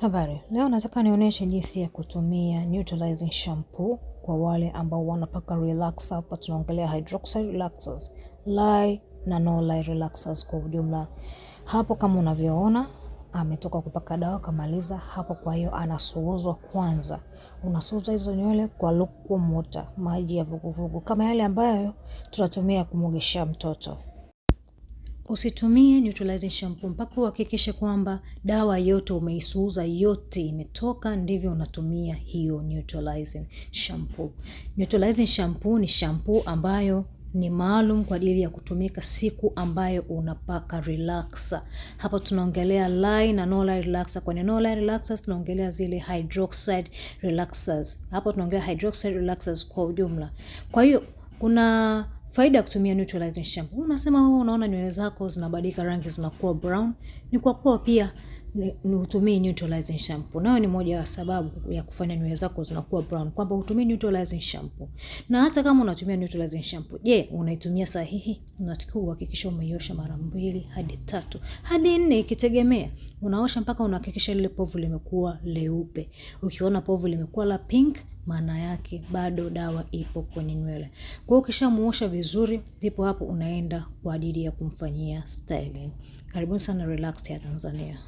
Habari, leo nataka nionyeshe jinsi ya kutumia neutralizing shampoo kwa wale ambao wanapaka relaxer. Hapa tunaongelea hydroxy relaxers, lye na no lye relaxers kwa ujumla. Hapo kama unavyoona ametoka kupaka dawa kamaliza hapo, kwa hiyo anasuuzwa kwanza. Unasuuza hizo nywele kwa lukumota, maji ya vuguvugu, kama yale ambayo tunatumia kumogeshia mtoto. Usitumie neutralizing shampoo mpaka uhakikishe kwamba dawa yote umeisuuza, yote imetoka, ndivyo unatumia hiyo neutralizing shampoo. Neutralizing shampoo ni shampoo ambayo ni maalum kwa ajili ya kutumika siku ambayo unapaka relaxer. Hapa tunaongelea lye na no lye relaxer. Kwenye no lye relaxers tunaongelea zile hydroxide relaxers. Hapa tunaongelea hydroxide relaxers kwa ujumla. Kwa hiyo kuna Faida ya kutumia neutralizing shampoo, unasema wewe unaona nywele zako zinabadilika rangi zinakuwa brown, ni kwa kuwa pia ni utumii neutralizing shampoo. Nayo ni moja ya sababu ya kufanya nywele zako zinakuwa brown, kwamba utumii neutralizing shampoo. Na hata kama unatumia neutralizing shampoo, je, unaitumia sahihi? Unatakiwa uhakikisha umeiosha mara mbili hadi tatu hadi nne, ikitegemea. Unaosha mpaka unahakikisha lile povu limekuwa leupe. Ukiona povu limekuwa la pink, maana yake bado dawa ipo kwenye nywele. Kwa hiyo ukishamuosha vizuri, ndipo hapo unaenda kwa ajili ya kumfanyia styling. Karibuni sana Relaxed Hair Tanzania.